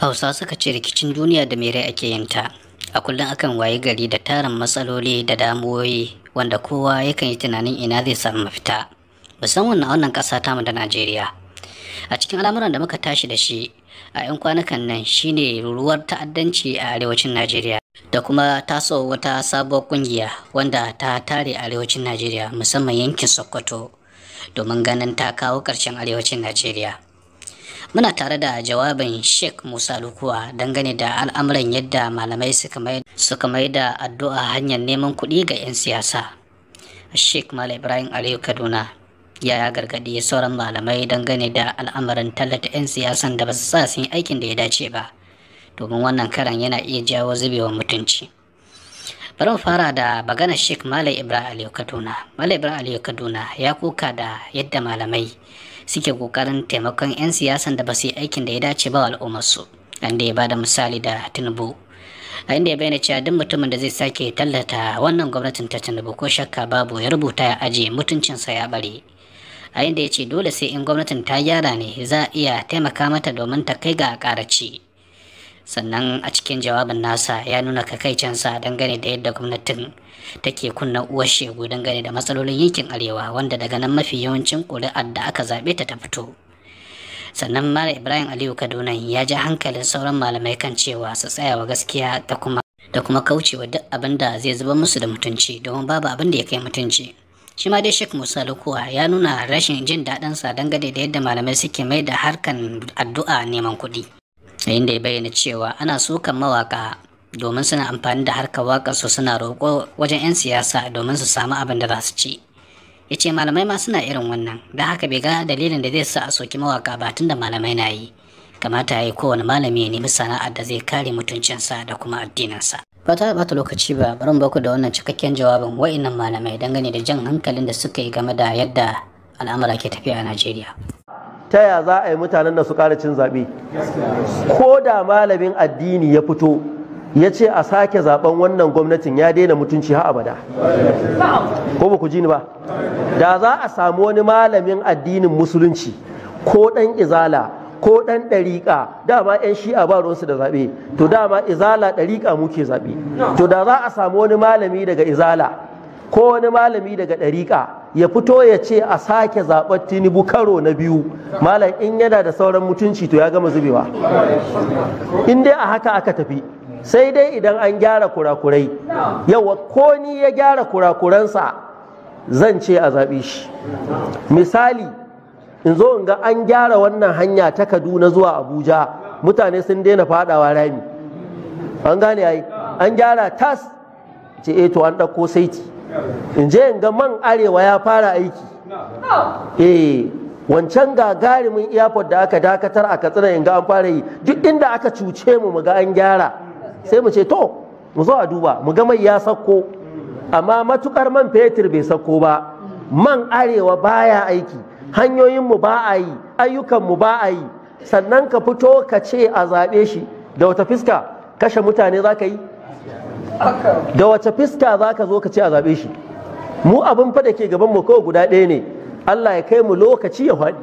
hausa suka ce rikicin duniya da mere ake yin ta a kullum akan waye gari da tarin matsaloli da damuwoyi wanda kowa yakan yi tunanin ina zai samu mafita musamman a wannan ƙasa tamu da najeriya a cikin al'amuran da muka tashi da shi a 'yan kwanakan nan shine ruruwar ta'addanci a arewacin najeriya da kuma taso wata sabuwar kungiya wanda ta tare a arewacin najeriya musamman yankin sokoto domin ganin ta kawo ƙarshen arewacin najeriya muna tare da jawabin sheikh musa lukuwa dangane da al'amuran yadda malamai suka mai da addu'a hanyar neman kuɗi ga 'yan siyasa sheikh malam ibrahim aliyu kaduna ya gargaɗi sauran malamai dangane da al'amuran tallata 'yan siyasan da ba su sa sun yi aikin da ya dace ba domin wannan karan yana iya jawo zubewa mutunci bari mu fara da magana sheik Malam ibrahim aliyu kaduna Malam ibrahim aliyu kaduna ya kuka da yadda malamai suke kokarin taimakon 'yan siyasan da ba su yi aikin da ya dace ba al'ummarsu inda ya bada misali da tinubu a inda ya bayyana cewa duk mutumin da zai sake tallata wannan gwamnatin ta tinubu ko shakka babu ya rubuta ya aje mutuncinsa ya bare a inda ya ce dole sai in gwamnatin ta gyara ne za a iya taimaka mata domin ta kai ga ƙaraci sannan a cikin jawabin nasa ya nuna kakaicensa dangane da yadda gwamnatin take kunna uwar shegu dangane da matsalolin yankin arewa wanda daga nan mafi yawancin ƙuri'ar da aka zaɓe ta ta fito sannan mara ibrahim aliyu kaduna ya ji hankalin sauran malamai kan cewa su tsaya wa gaskiya da kuma da kuma kaucewa duk abin da zai zuba musu da mutunci domin babu abin da ya kai mutunci shi ma dai shek Musa Lukuwa ya nuna rashin jin daɗinsa dangane da yadda malamai suke mai da harkan addu'a neman kuɗi. da ya bayyana cewa ana sukan mawaka domin suna amfani da harkar su suna roƙo wajen 'yan siyasa domin su samu abin da za su ci ya ce malamai ma suna irin wannan don haka bai ga dalilin da zai sa a soki mawaka ba tun da malamai na yi kamata ya yi kowane malami ya nemi sana'ar da zai kare mutuncinsa da kuma addininsa ba ta bata lokaci ba bari mu baku da wannan cikakken jawabin wa'innan malamai dangane da jan hankalin da suka yi game da yadda al'amura ke tafiya a najeriya ta ya za a yi mutanen da su ƙara cin zaɓe ko da malamin addini ya fito ya ce a sake zaben wannan gwamnatin ya daina mutunci ha abada ko ba ku ji ni ba da za a samu wani malamin addinin musulunci ko ɗan izala ko ɗan ɗariƙa dama 'yan shi'a ba ruwansu da zaɓe to dama izala ɗariƙa muke zaɓe to da za a samu wani malami daga izala ko wani malami daga ɗariƙa ya fito ya ce a sake zaɓar tinubu karo na biyu malam in yana da sauran mutunci to ya gama zubewa in dai a haka aka tafi sai dai idan an gyara kurakurai yawa ko ni ya gyara kurakuransa zan ce a zaɓe shi misali in zo in ga an gyara wannan hanya ta kaduna zuwa abuja mutane sun daina fadawa rami an gane ai an gyara tas ce eh, to an ɗauko saiti inje in ga man arewa ya fara aiki eh wancan gagarumin airport da aka dakatar a katsina in ga an fara yi duk inda aka cuce mu mu ga an gyara sai mu ce to mu zo a duba mu ga mai ya sakko amma matukar man fetur bai sakko ba man arewa baya aiki hanyoyinmu ba a yi ayyukanmu ba a yi sannan ka fito ka ce a zaɓe shi da wata fiska kashe mutane za ka yi da wace fiska za ka zo ka ce a zaɓe shi mu abin fa da ke gaban mu kawai guda ɗaya ne Allah ya kai mu lokaci ya faɗi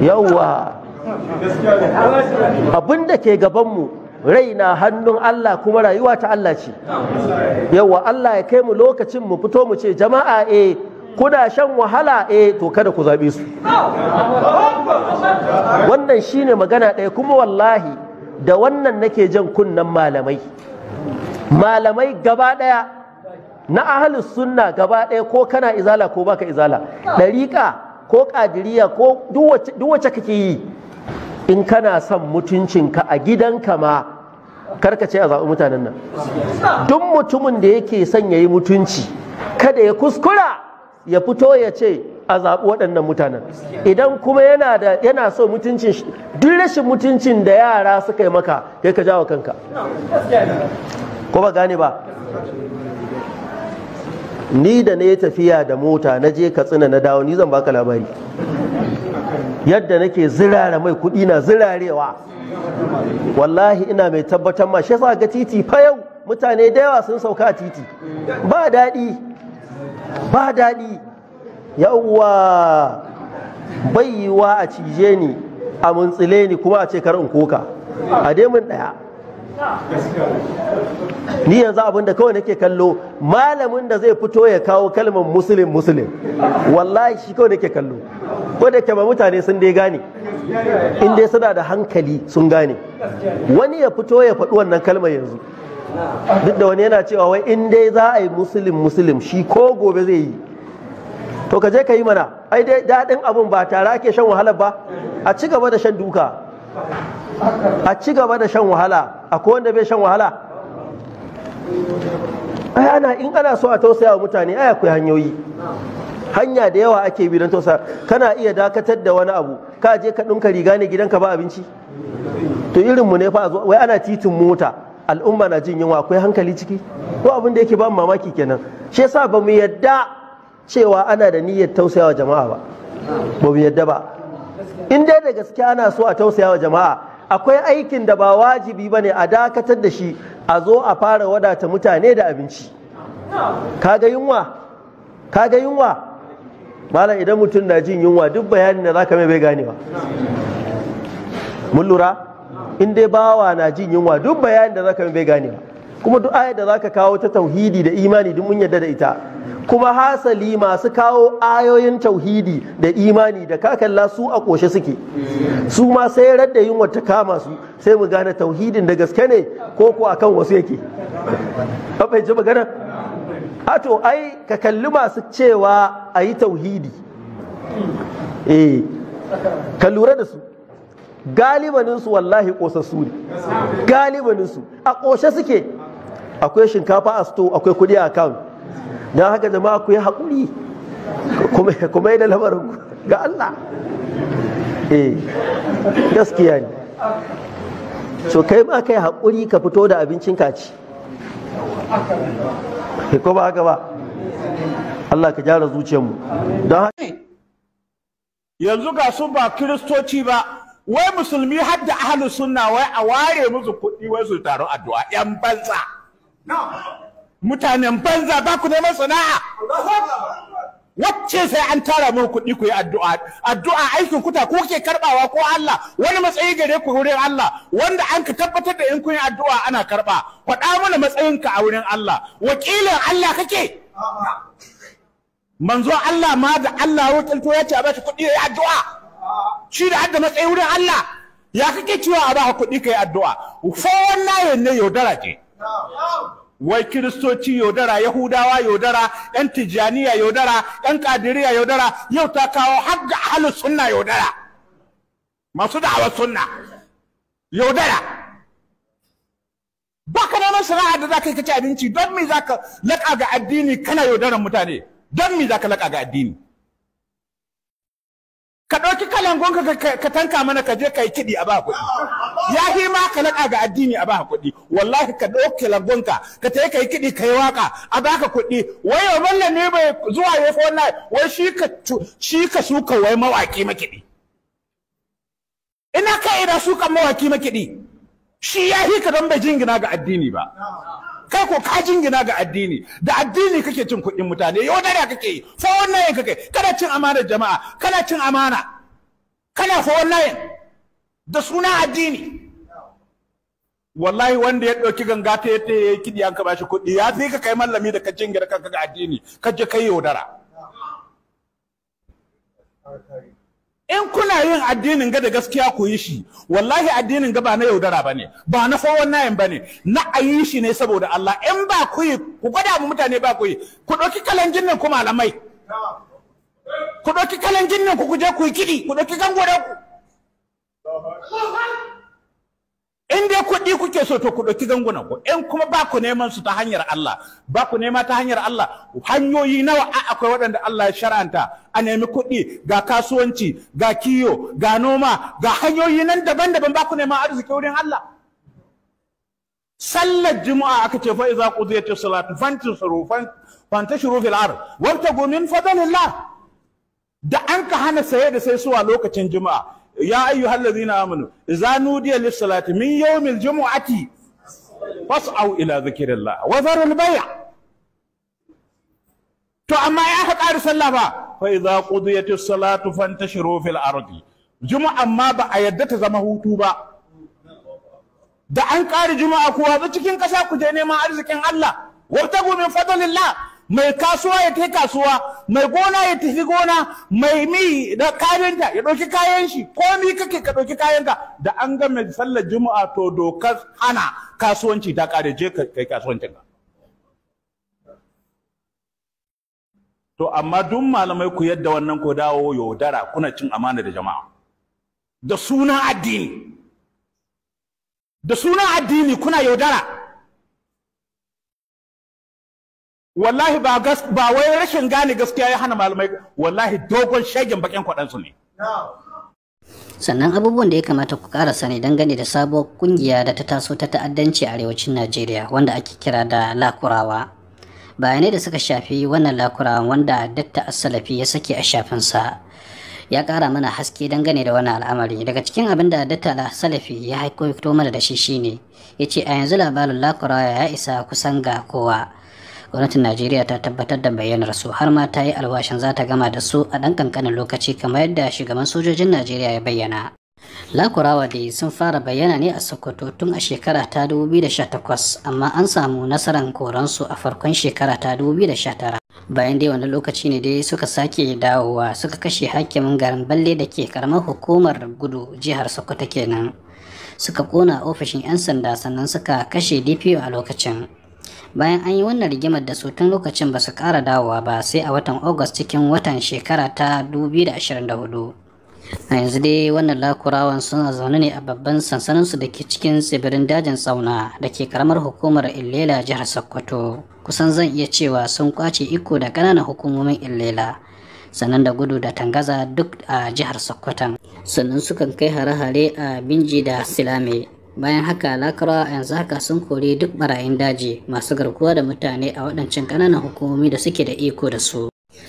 yawwa abin da ke gaban mu rai na hannun Allah kuma rayuwa ta Allah ce yawwa Allah ya kai mu lokacin mu fito mu ce jama'a eh kuna shan wahala eh to kada ku zaɓe su wannan shine magana ɗaya kuma wallahi da wannan nake jan kunnen malamai malamai gaba ɗaya na ahalus sunna gaba ɗaya ko kana izala ko baka izala ɗariƙa ko ƙadiriya ko duk wacce kake yi in kana son mutuncinka a gidanka ma karka ce a zaɓi mutanen nan duk mutumin da yake son ya yi mutunci kada ya kuskura ya fito ya ce a zaɓi waɗannan mutanen idan kuma yana so mutuncin duk rashin mutuncin da yara suka yi maka kai ka jawo kanka ko ba gane ba ni da na yi tafiya da mota na je katsina na dawo ni zan baka labari yadda nake zirara mai kuɗi na zirarewa wallahi ina mai tabbatar ma shi ga titi fa yau mutane da yawa sun sauka a titi ba daɗi ba daɗi yauwa baiwa a cije ni a muntsile ni kuma a ce kar in koka a dai mun daya ni yanzu abin da kawai nake kallo malamin da zai fito ya kawo kalmar musulun musulun wallahi shi kawai nake kallo ko da ba mutane sun dai gane in dai suna da hankali sun gane wani ya fito ya faɗi wannan kalmar yanzu duk da wani yana cewa wai in dai za a yi musulun musulun shi ko gobe zai yi to ka je ka yi mana ai dai daɗin abun ba tare ake shan wahala ba a ci gaba da shan duka a ci gaba da shan wahala akwai wanda bai shan wahala ai ana in ana so a tausaya wa mutane ai akwai hanyoyi hanya da yawa ake bi don tausaya kana iya dakatar da wani abu ka je ka ɗinka riga ne gidanka ba abinci to irin mu ne fa wai ana titin mota al'umma na jin yunwa akwai hankali ciki ko abin da yake ba mamaki kenan shi yasa ba mu yadda cewa ana da niyyar tausayawa jama'a ba ba mu yadda ba in dai da gaske ana so a tausayawa jama'a akwai aikin da ba wajibi ba ne a dakatar da shi a zo a fara wadata mutane da abinci kaga yunwa kaga yunwa malam idan mutum na jin yunwa duk bayanin da zaka mai bai ganewa mun lura in dai bawa na jin yunwa duk bayanin da zaka mai bai ganewa kuma duk ayar da zaka kawo ta tauhidi da imani duk mun yarda da ita kuma hasali masu kawo ayoyin tauhidi da imani da kakalla su a ƙoshe suke su ma sai radda yin wata kama su sai mu gane tauhidin da gaske ne ko ko akan wasu yake ji magana ato ai ka kalli masu cewa a yi tauhidi eh ka lura da su galibaninsu wallahi ƙosassu ne galibaninsu a ƙoshe suke akwai shinkafa a sto akwai kuɗi a account don haka jama'a ku yi haƙuri kuma yi da lamarin ga Allah eh gaskiya ne so kai ma kai haƙuri ka fito da abincin kaci ko ba haka ba Allah ka gyara zuciyarmu don haka yanzu ga su ba kiristoci ba wai musulmi har da ahlus sunna wai a ware musu kuɗi wai su taro addu'a yan banza mutanen banza ba ku neman sana'a wacce sai an tara mun kuɗi ku yi addu'a addu'a aikin kuta ko ke karbawa ko Allah wani matsayi gare ku wurin Allah wanda an ka tabbatar da in kun yi addu'a ana karba faɗa mana matsayinka a wurin Allah wakilin Allah kake manzo Allah ma da Allah wakilto ya ce a bashi kuɗi yi addu'a shi da hadda matsayi wurin Allah ya kake cewa a baka kuɗi ka yi addu'a fa wannan ne yaudara ke wai kiristoci yaudara yahudawa yaudara yan tijjaniya yaudara yan kadiriya yaudara yau ta kawo har ga ahlus sunna yaudara masu da'awar sunna yaudara ba ka neman sana'a da za ka ka abinci don me za ka laƙa ga addini kana yaudaran mutane don me za ka laƙa ga addini ka ɗauki kalangonka ka tanka mana ka je ka yi kiɗi a ba kuɗi ya fi ma ka naɗa ga addini a ba kuɗi wallahi ka ɗauki kalangonka ka ta ka yi kiɗi ka yi waƙa a ba ka kuɗi wai yau malla ne bai zuwa ya fi wannan wai shi ka shi ka suka wai mawaƙi kiɗi ina ka ina suka mawaƙi kiɗi shi ya fi ka don bai jingina ga addini ba kai ko ka jingina ga addini da addini kake cin kuɗin mutane yaudara kake yi fa wannan kake kana cin amana jama'a kana cin amana kana fa wannan da suna addini wallahi wanda ya ɗauki ganga ta yadda ya yi an ka bashi kuɗi ya fi ka kai mallami da ka jingina kanka ga addini ka je kai yaudara in kuna yin addinin ga da gaskiya ku yi shi wallahi addinin ga ba na yaudara bane ba na fowon nayin bane na ayi shi ne saboda Allah in ba ku yi ku gwada mu mutane ba ku yi ku ɗauki kalan nan ku malamai ku ɗauki kalan nan ku kuje ku yi kiɗi ku ɗauki gango ku in dai kuɗi kuke so to ku ɗauki gangunan ku in kuma ba ku neman su ta hanyar Allah ba ku nema ta hanyar Allah hanyoyi nawa akwai waɗanda Allah ya shar'anta a nemi kuɗi ga kasuwanci ga kiyo ga noma ga hanyoyi nan daban-daban ba ku neman arziki wurin Allah sallar juma'a aka ce fa iza qudiyatis salatu fantashiru fantashiru fil ard wabtagu min fadlillah da an ka hana saye da sai suwa lokacin juma'a ya ayyuhal ladhina amanu idza nudiya lis salati min yawmil jumu'ati fas'au ila dhikrillah wa dharul bay' to amma ya ka ƙara sallah ba fa idza qudiyatis salatu fantashiru fil ardi juma'a ma ba a yadda ta zama hutu ba da an ƙari juma'a ku watsu cikin ƙasa ku je neman arzikin Allah wabtagu min fadlillah mai kasuwa ya tafi kasuwa mai gona ya tafi gona mai mi da kafinta ya ɗauki kayan shi mi kake ka ɗauki kayanka da an ga mai sallar juma'a to dokar ana kasuwanci ta ƙare je kai kasuwancin ka to amma duk malamai ku yadda wannan ko dawo yaudara kuna cin amana da jama'a da suna addini da suna addini kuna yaudara wallahi ba wai rashin gane gaskiya ya hana malamai wallahi dogon shagen bakin kwaɗansu ne sannan abubuwan da ya kamata ku kara sani dangane da sabuwar kungiya da ta taso ta ta'addanci a arewacin najeriya wanda ake kira da lakurawa bayanai da suka shafi wannan lakurawa wanda datta asalafi ya sake a shafinsa ya ƙara mana haske dangane da wannan al'amari daga cikin abin da datta asalafi ya haiko mana da shi shine ya ce a yanzu labarin lakurawa ya isa kusan ga kowa gwamnatin najeriya ta tabbatar da bayyanar su har ma ta yi alwashin za ta gama da su a ɗan ƙanƙanin lokaci kamar yadda shugaban sojojin najeriya ya bayyana lakurawa dai sun fara bayyana ne a sokoto tun a shekara ta 2018 amma an samu nasarar koransu a farkon shekara ta 2019 bayan dai wani lokaci ne dai suka sake dawowa suka kashe hakimin garin balle da ke karamar hukumar gudu jihar sokoto kenan suka kona ofishin 'yan sanda sannan suka kashe dpo a lokacin bayan an yi wannan rigimar da su tun lokacin ba su ƙara dawowa ba sai a watan august cikin watan shekara ta 2024 a yanzu dai wannan lakurawan suna zaune ne a babban sansaninsu da ke cikin tsibirin dajin tsauna da ke karamar hukumar illela jihar sokoto kusan zan iya cewa sun kwace iko da ƙananan hukumomin illela sannan da gudu da tangaza duk a jihar sokoton sannan sukan kai hare-hare a binji da silame bayan haka lakarawa yanzu haka sun kori duk barayin daji masu garkuwa da mutane a waɗancan ƙananan hukumomi da suke da iko da su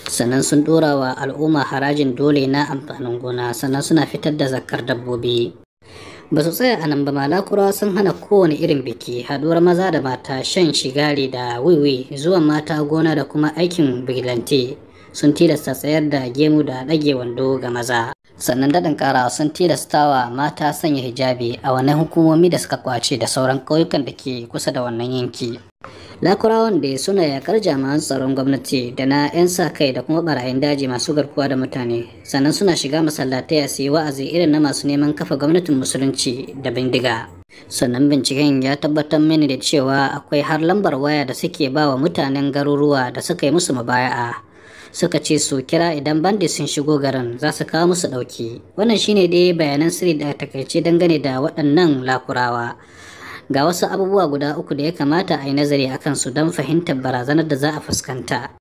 sannan sun ɗora wa al'umma harajin dole na amfanin gona sannan suna fitar da zakar dabbobi ba su tsaya a nan ba malakura sun hana kowane irin biki haɗuwar maza da mata shan shigari da wiwi zuwa mata gona da kuma aikin birilante sun tilasta tsayar da gemu da ɗage wando ga maza sannan daɗin ƙara sun tilastawa mata sanya hijabi a wani hukumomi da suka kwace da sauran ƙauyukan da ke kusa da wannan yanki lakurawan da suna yakar jami'an tsaron gwamnati da na 'yan sa kai da kuma barayin daji masu garkuwa da mutane sannan suna shiga masallatai a su yi wa'azi irin na masu neman kafa gwamnatin musulunci da bindiga sannan binciken ya tabbatar mini da cewa akwai har lambar waya da suke ba wa mutanen garuruwa da suka yi musu mubaya'a suka ce su kira idan bandi sun shigo garin za su kawo musu ɗauki wannan shine dai bayanan sirri da takaice dangane da waɗannan lakurawa ga wasu abubuwa guda uku da ya kamata a yi nazari akan su don fahimtar barazanar da za a fuskanta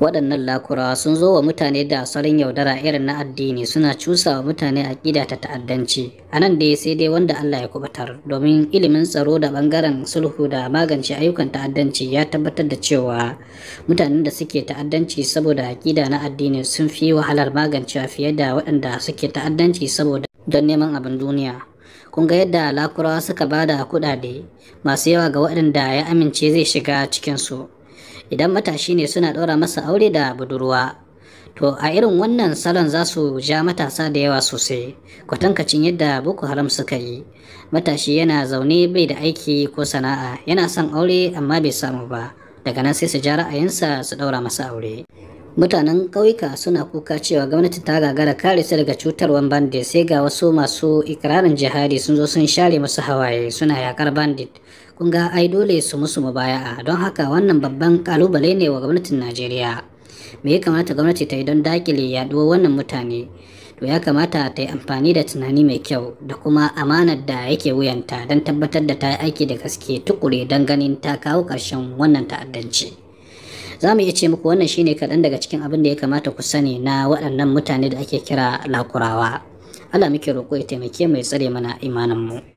waɗannan lakurawa sun zo wa mutane da asalin yaudara irin na addini suna cusa wa mutane ƙida ta ta'addanci a nan dai sai dai wanda Allah ya kubatar domin ilimin tsaro da ɓangaren sulhu da magance ayyukan ta'addanci ya tabbatar da cewa mutanen da suke ta'addanci saboda aƙida na addini sun fi wahalar magancewa fiye da waɗanda suke ta'addanci saboda don neman abin duniya kun ga yadda lakurawa suka bada kuɗaɗe masu yawa ga waɗanda ya amince zai shiga cikinsu. idan matashi ne suna ɗora masa aure da budurwa to a irin wannan salon za su ja matasa da yawa sosai kwatankacin yadda boko haram suka yi matashi yana zaune bai da aiki ko sana'a yana son aure amma bai samu ba daga nan sai su ja ra'ayinsa su ɗaura masa aure mutanen ƙauyuka suna kuka cewa gwamnati ta gagara kare su daga cutarwan bandit sai ga wasu masu ikirarin jihadi sun zo sun share musu hawaye suna yakar bandit kun ga ai dole su musu mubaya'a don haka wannan babban kalubale ne wa gwamnatin Najeriya me ya kamata gwamnati ta yi don dakile yaduwar wannan mutane to ya kamata ta yi amfani da tunani mai kyau da kuma amanar da yake wuyanta don tabbatar da ta yi aiki da gaske tukure don ganin ta kawo ƙarshen wannan ta'addanci za mu iya ce muku wannan shine kaɗan daga cikin abin da ya kamata ku sani na waɗannan mutane da ake kira lakurawa Allah muke roƙo ya taimake mai tsare mana imanin mu